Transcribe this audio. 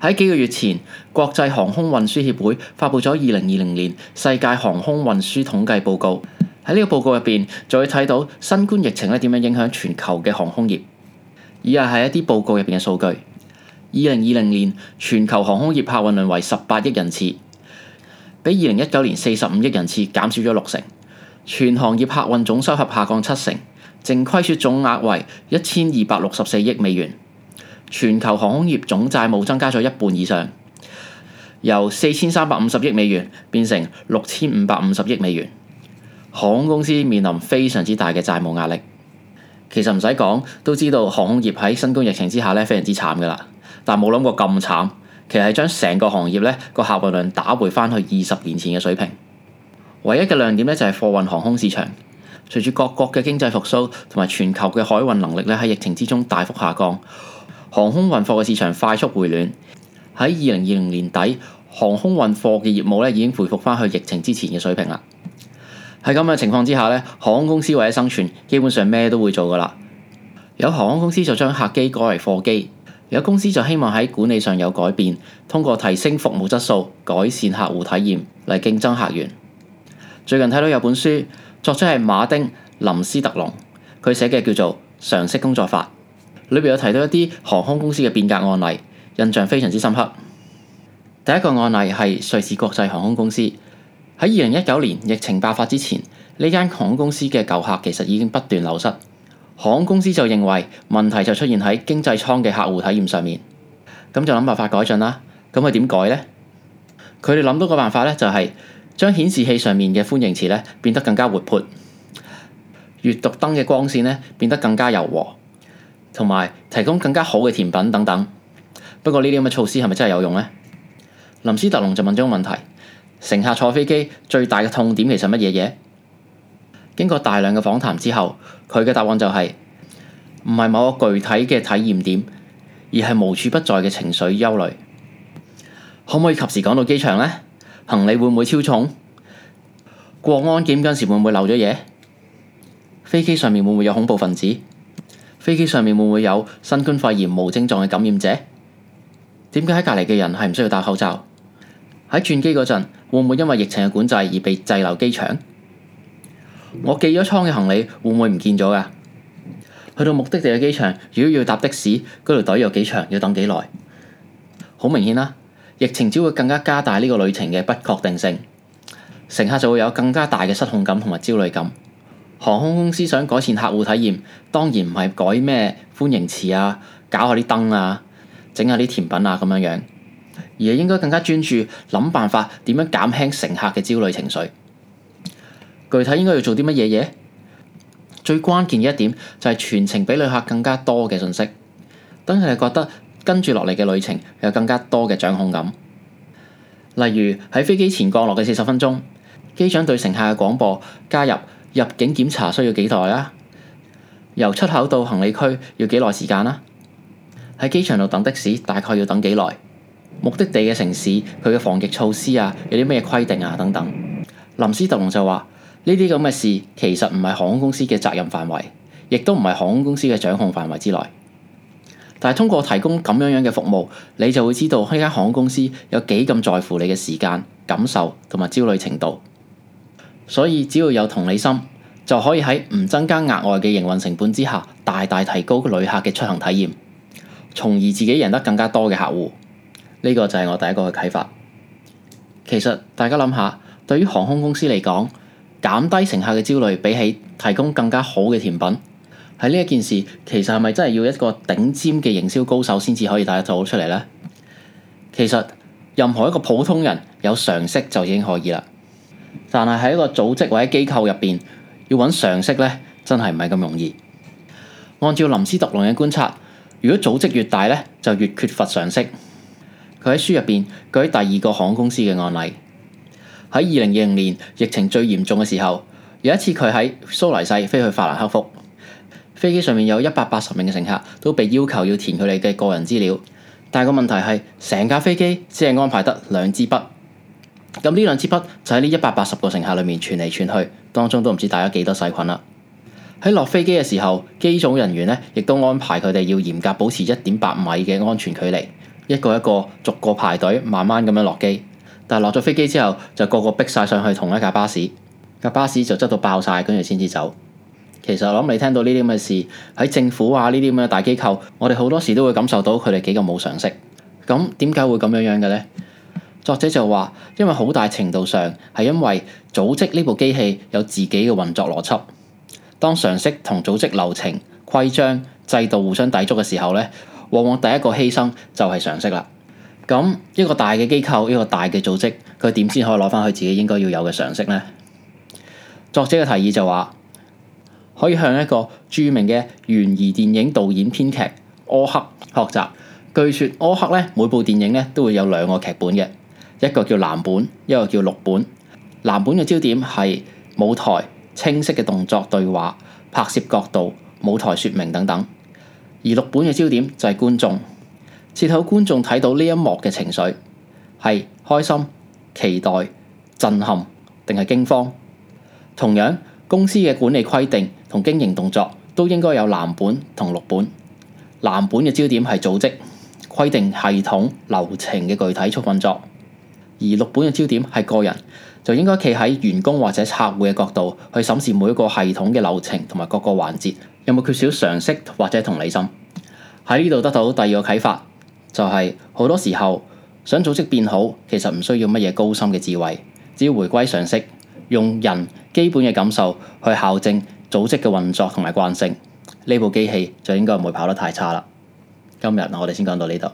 喺幾個月前，國際航空運輸協會發布咗二零二零年世界航空運輸統計報告。喺呢個報告入邊，就會睇到新冠疫情咧點樣影響全球嘅航空業，以下係一啲報告入邊嘅數據。二零二零年全球航空業客運量為十八億人次，比二零一九年四十五億人次減少咗六成。全行業客運總收合下降七成，淨虧損總額為一千二百六十四億美元。全球航空業總債務增加咗一半以上，由四千三百五十億美元變成六千五百五十億美元。航空公司面臨非常之大嘅債務壓力。其實唔使講都知道，航空業喺新冠疫情之下咧，非常之慘㗎喇。但冇諗過咁慘，其實係將成個行業咧個客運量打回翻去二十年前嘅水平。唯一嘅亮點咧就係貨運航空市場，隨住各國嘅經濟復甦同埋全球嘅海運能力咧喺疫情之中大幅下降。航空運貨嘅市場快速回暖，喺二零二零年底，航空運貨嘅業務咧已經恢復翻去疫情之前嘅水平啦。喺咁嘅情況之下咧，航空公司為咗生存，基本上咩都會做噶啦。有航空公司就將客機改為貨機，有公司就希望喺管理上有改變，通過提升服務質素、改善客戶體驗嚟競爭客源。最近睇到有本書，作者係馬丁林斯特隆，佢寫嘅叫做《常識工作法》。裏邊有提到一啲航空公司嘅變革案例，印象非常之深刻。第一個案例係瑞士國際航空公司。喺二零一九年疫情爆發之前，呢間航空公司嘅舊客其實已經不斷流失。航空公司就認為問題就出現喺經濟艙嘅客戶體驗上面，咁就諗辦法改進啦。咁佢點改呢？佢哋諗到個辦法咧，就係將顯示器上面嘅歡迎詞咧變得更加活潑，閱讀燈嘅光線咧變得更加柔和。同埋提供更加好嘅甜品等等。不過呢啲咁嘅措施係咪真係有用呢？林斯特隆就問咗個問題：乘客坐飛機最大嘅痛點其實乜嘢嘢？經過大量嘅訪談之後，佢嘅答案就係唔係某個具體嘅體驗點，而係無處不在嘅情緒憂慮。可唔可以及時趕到機場呢？行李會唔會超重？過安檢嗰陣時會唔會漏咗嘢？飛機上面會唔會有恐怖分子？飛機上面會唔會有新冠肺炎無症狀嘅感染者？點解喺隔離嘅人係唔需要戴口罩？喺轉機嗰陣會唔會因為疫情嘅管制而被滯留機場？我寄咗倉嘅行李會唔會唔見咗㗎？去到目的地嘅機場，如果要搭的士，嗰條隊有幾長，要等幾耐？好明顯啦，疫情只會更加加大呢個旅程嘅不確定性，乘客就會有更加大嘅失控感同埋焦慮感。航空公司想改善客戶體驗，當然唔係改咩歡迎詞啊，搞下啲燈啊，整下啲甜品啊咁樣樣，而係應該更加專注諗辦法點樣減輕乘客嘅焦慮情緒。具體應該要做啲乜嘢嘢？最關鍵嘅一點就係全程俾旅客更加多嘅信息，等佢哋覺得跟住落嚟嘅旅程有更加多嘅掌控感。例如喺飛機前降落嘅四十分鐘，機長對乘客嘅廣播加入。入境檢查需要幾耐啊？由出口到行李區要幾耐時間啊？喺機場度等的士大概要等幾耐？目的地嘅城市佢嘅防疫措施啊，有啲咩規定啊？等等。林斯特隆就話：呢啲咁嘅事其實唔係航空公司嘅責任範圍，亦都唔係航空公司嘅掌控範圍之內。但係通過提供咁樣樣嘅服務，你就會知道呢間航空公司有幾咁在乎你嘅時間、感受同埋焦慮程度。所以只要有同理心，就可以喺唔增加額外嘅營運成本之下，大大提高旅客嘅出行體驗，從而自己贏得更加多嘅客戶。呢個就係我第一個嘅啟發。其實大家諗下，對於航空公司嚟講，減低乘客嘅焦慮比起提供更加好嘅甜品，喺呢一件事，其實係咪真係要一個頂尖嘅營銷高手先至可以大家做到出嚟咧？其實任何一個普通人有常識就已經可以啦。但係喺一個組織或者機構入邊，要揾常識咧，真係唔係咁容易。按照林斯特龍嘅觀察，如果組織越大咧，就越缺乏常識。佢喺書入邊舉第二個航空公司嘅案例。喺二零二零年疫情最嚴重嘅時候，有一次佢喺蘇黎世飛去法蘭克福，飛機上面有一百八十名嘅乘客都被要求要填佢哋嘅個人資料，但係個問題係成架飛機只係安排得兩支筆。咁呢兩支筆就喺呢一百八十個乘客裏面傳嚟傳去，當中都唔知帶咗幾多細菌啦。喺落飛機嘅時候，機組人員咧亦都安排佢哋要嚴格保持一點八米嘅安全距離，一個一個逐個排隊，慢慢咁樣落機。但係落咗飛機之後，就個個逼晒上去同一架巴士，架巴士就執到爆晒，跟住先至走。其實我諗你聽到呢啲咁嘅事，喺政府啊呢啲咁嘅大機構，我哋好多時都會感受到佢哋幾個冇常識。咁點解會咁樣樣嘅咧？作者就話，因為好大程度上係因為組織呢部機器有自己嘅運作邏輯，當常識同組織流程、規章、制度互相抵觸嘅時候咧，往往第一個犧牲就係常識啦。咁一個大嘅機構、一個大嘅組織，佢點先可以攞翻佢自己應該要有嘅常識咧？作者嘅提議就話，可以向一個著名嘅懸疑電影導演編劇柯克學習。據說柯克咧每部電影咧都會有兩個劇本嘅。一個叫藍本，一個叫綠本。藍本嘅焦點係舞台清晰嘅動作、對話、拍攝角度、舞台説明等等；而綠本嘅焦點就係觀眾，切透觀眾睇到呢一幕嘅情緒係開心、期待、震撼定係驚慌？同樣，公司嘅管理規定同經營動作都應該有藍本同綠本。藍本嘅焦點係組織規定、系統流程嘅具體操作。而六本嘅焦點係個人，就應該企喺員工或者客戶嘅角度去審視每一個系統嘅流程同埋，各個環節有冇缺少常識或者同理心。喺呢度得到第二個啟發，就係好多時候想組織變好，其實唔需要乜嘢高深嘅智慧，只要回歸常識，用人基本嘅感受去校正組織嘅運作同埋慣性，呢部機器就應該唔會跑得太差啦。今日我哋先講到呢度。